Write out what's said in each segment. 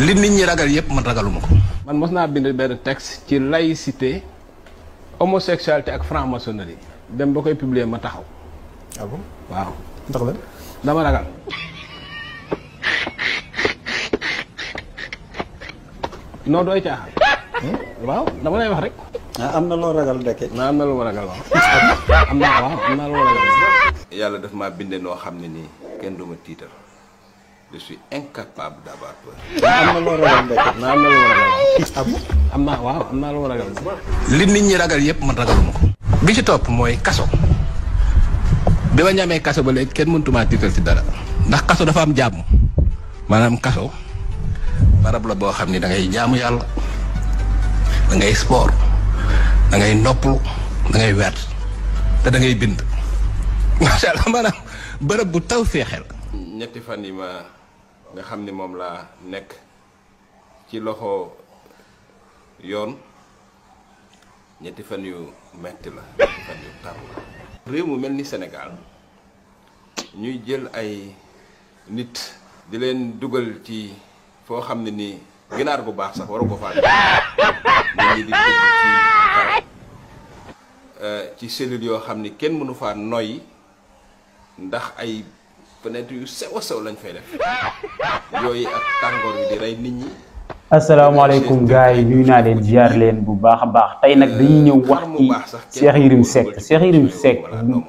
li nit ñi ragal yépp man ragaluma ko man mosna bind ben texte ci laïcité homosexualité ak franc maçonnerie dem ba publier ma taxaw ah bon waaw ndax la dama ragal no doy caaxaan hmm? waaw dama lay wax rek ah, amna lo ragal deke na amna lo ragal waaw amna waaw amna lo ragal yalla daf ma bindé no xamni ni kenn duma ma je suis incapable d'avoir peur. li nit ñi ragal man bi ci kaso. bi ma kaso ba léegi kenn mënutuma tiital ci dara. ndax kaso dafa am jàmm. maanaam kaso barab la boo xam ni da ngay da ngay sport da ngay da ngay da ngay bind. allah bu ñetti fan ma nga xamni mom la nek ci loxo yoon ñetti fan yu metti la fan yu tar la réew mu melni ni sénégal ñuy jël ay nit di leen duggal ci fo xamni ni ginaar gu baax sax waru ko faal ñi di ci euh, ci cellule yo xamni kenn mënu fa noy ndax ay fenêtre yu sew a lañ fay def yooyu yi nuyu naa leen ziar leen bu baax a baax tey nag dañuy euh, ñëw wax ci Cheikh Yérim seex Cheikh Yérim Seck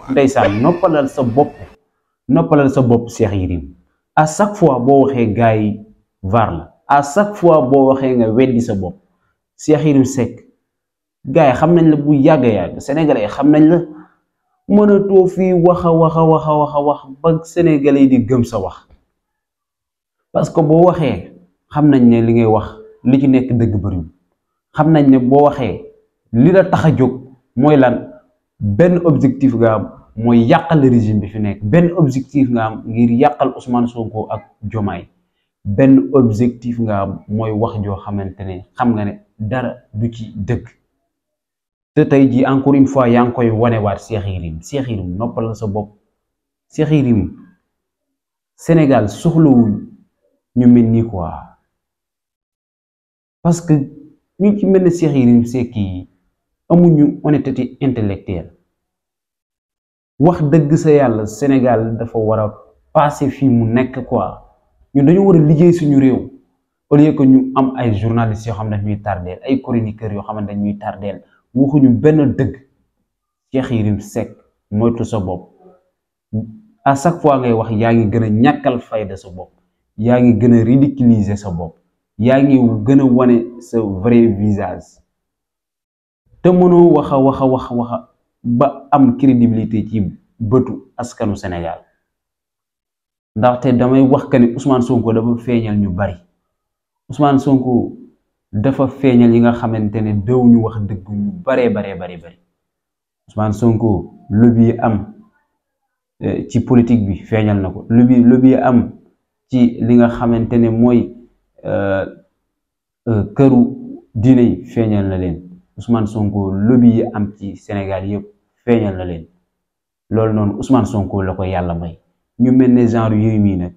ndeysaan noppalal sa bopp noppalal sa bopp seex Yérim à chaque fois boo waxee gars yi fois boo waxee nga weddi sa bopp Cheikh Yérim Seck gars yi xam nañ la bu yàgg a yàgg sénégalais xam nañ la. mëna to fi waxa waxa waxa waxa wax ba Sénégalais di gëm sa wax parce que bo waxé xam nañ ne li ngay wax li ci nekk dëgg bëriwul xam nañ ne boo waxee li la tax a jóg lan ben objectif nga am moy yàqal régime bi fi nekk ben objectif nga am ngir yàqal Ousmane Sonko ak Diomaye ben objectif nga am moy wax jo xamantene xam nga né dara du ci dëgg. te tey jii encore une fois yaa ngi koy wanewaat Cheikh Yérim Cheikh Yérim noppal sa bopp Cheikh Yérim Sénégal soxlawuñ ñu mel nii quoi parce que ñu ci mel ne Cheikh Yérim amuñu honnêteté intellectuelle wax dëgg sa yàlla Sénégal dafa war a passé fii mu nekk quoi ñu dañu war a liggéey suñu réew au lieu que ñu am ay journalistes yoo xam ne ñuy tardeel ay chroniqueurs yoo xam ne ñuy tardeel waxuñu benn dëgg Cheikh Yérim Seck moytu sa bopp a chaque fois ngay wax yaa ngi gën a ñàkkal fayda sa bopp yaa ngi gën a ridiculiser sa bopp yaa ngi gën a wane sa vrai visage te mënoo waxa waxa waxa ba am crédibilité ci bëtu askanu Sénégal ndaxte damay wax que ni Ousmane Sonko dafa feeñal ñu bari Ousmane Sonko dafa feeñal yi nga xamante ne dëw ñu wax dëgg ñu baree baree bari bari Ousmane Sonko lobby am eh, ci politique bi feeñal na ko lobby lobby am ci li nga xamante ne mooy eh, eh, këru diine yi feeñal na leen Ousmane Sonko lobby yi am ci Sénégal yëpp feeñal na leen loolu noonu Ousmane Sonko la ko yàlla may ñu mel ne genre yooyu mii nag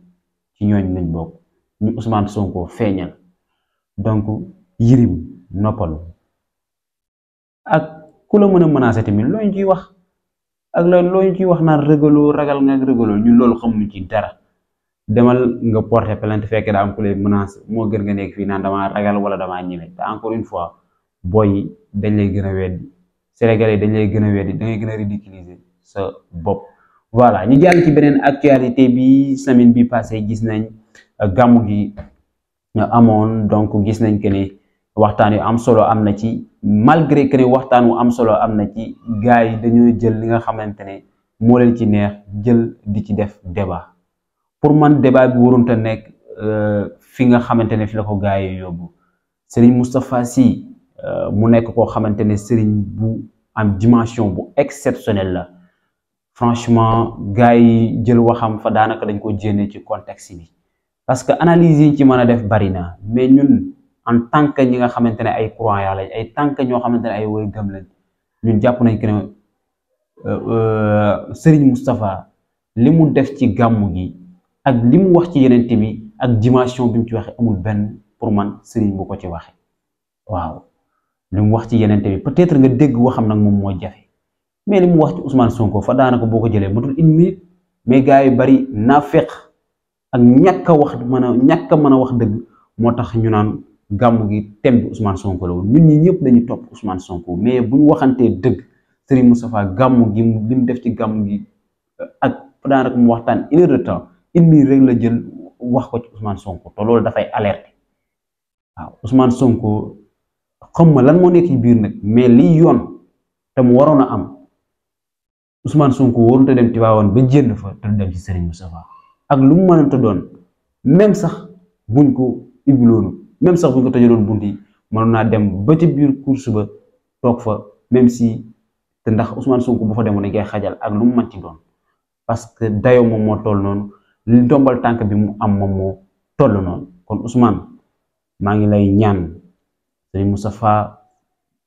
ci ñooñ nañ bokk ñu Ousmane Sonko feeñal donc yirim noppalu ak ku la mën a a tamit loo ñu ciy wax ak la loo ñu ciy wax naa rëgaloo ragal nga rëgaloo ñun loolu xamuñu ci dara demal nga porter plainte fekk daa am ku lay menace moo gën nga nekk fii naan damaa ragal wala damaa ñeme te encore une fois booy dañ lay gën a weddi Sénégalais dañ lay gën a weddi da ngay gën a ridiculiser sa bopp. voilà ñu jàll ci beneen actualité bi semaine bi passé gis nañ euh, gàmmu gi euh, amoon donc gis nañ que ni. am malgré que ne waxtaan am solo am na ci gaay faire jël ne leen def débat pour man débat bi warunte nekk euh, fi nga xamante ne fi la Serigne Moustapha euh, mu am dimension exceptionnelle franchement gaay jël waxam fa daanaka dañ contexte parce que analyse ci mën def barina mais am tant que ñi nga xamante ne ay croyants lañ ay tant que ñoo xamante ne ay woy gëm lañ ñun jàpp nañ que ne euh, euh, Serigne Moustapha li mu def ci gàmmu gi ak li mu wax ci yeneen bi ak dimension bi mu ci waxe amul benn pour man Serigne bu ko ci waxe waaw li wax ci yeneen bi peut-être nga dégg waxam nag moom moo jafe mais li mu wax ci Ousmane Sonko fa daanaka boo ko jëlee matul une minute mais gars yi bari naafeq ak ñàkk a wax mën a ñàkk mën a wax dëgg moo tax ñu naan. gambu gi thème Ousmane Sonko lo woon ñun ñi ñëpp dañu top Ousmane Sonko mais bu ñu deug dëgg Serigne Moustapha gambu gi lim def ci gambu gi ak daan rek mu waxtaan une heure de temps une minute rek la jël wax ko ci Ousmane Sonko to te da fay alerte waaw Ousmane Sonko xam ma lan mo nekk ci biir nak mais li yoon te mu waroon am Ousmane Sonko woon ta dem Tivaouane ba jénn fa ta dem ci Serigne Moustapha ak lu mu mënante doon même sax buñ ko ibloonu même sax bu ko tëjaloon bunt yi dem ba ci biir course ba tok fa même si te ndax Ousmane Sonko bu fa demone ngay xajal ak lu mu mën ci doon parce que dayo moom mo toll non li dombal tank bi mu am moom mo toll non kon Ousmane ma ngi lay ñaan Serigne Moustapha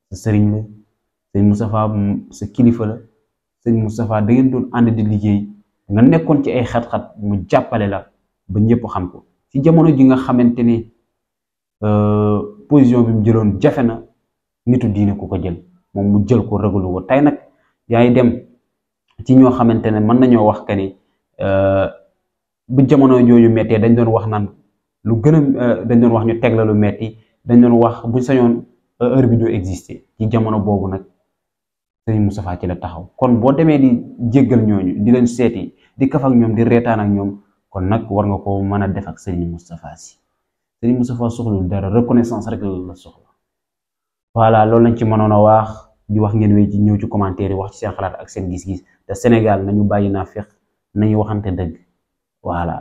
sa serigne la Serigne Moustapha sa kilifa la Serigne Moustapha da ngeen doon and di liggey nga nekkon ci ay xat-xat mu jappale la ba ñepp xam ko ci jamono ji nga xamantene Euh, position bi mu jëloon jafe na nitu diine ku ko jël moom mu jël ko ragalu ko tey nag yaay dem ci ñoo xamante ne mën nañoo wax que ni euh, bu jamono jooju méttee dañ doon wax nan lu gën a euh, dañ doon wax ñu teg la lu metti dañ doon wax bu sañoon heure bi doo exister ci jamono boobu nag sëñ Moustapha ci la taxaw kon boo demee di jéggal ñooñu di leen seeti di kaf ak ñoom di reetaan ak ñoom kon nag war nga ko mën a def ak sëñ Moustapha si Serigne Moustapha soxlul dara reconnaissance rek la soxla voilà loolu lañ ci mënoon a waax di wax ngeen wéy ci ñëw ci commentaire yi wax ci seen xalaat ak seen gis-gis te Sénégal nañu bàyyi naa fex nañu waxante dëgg voilà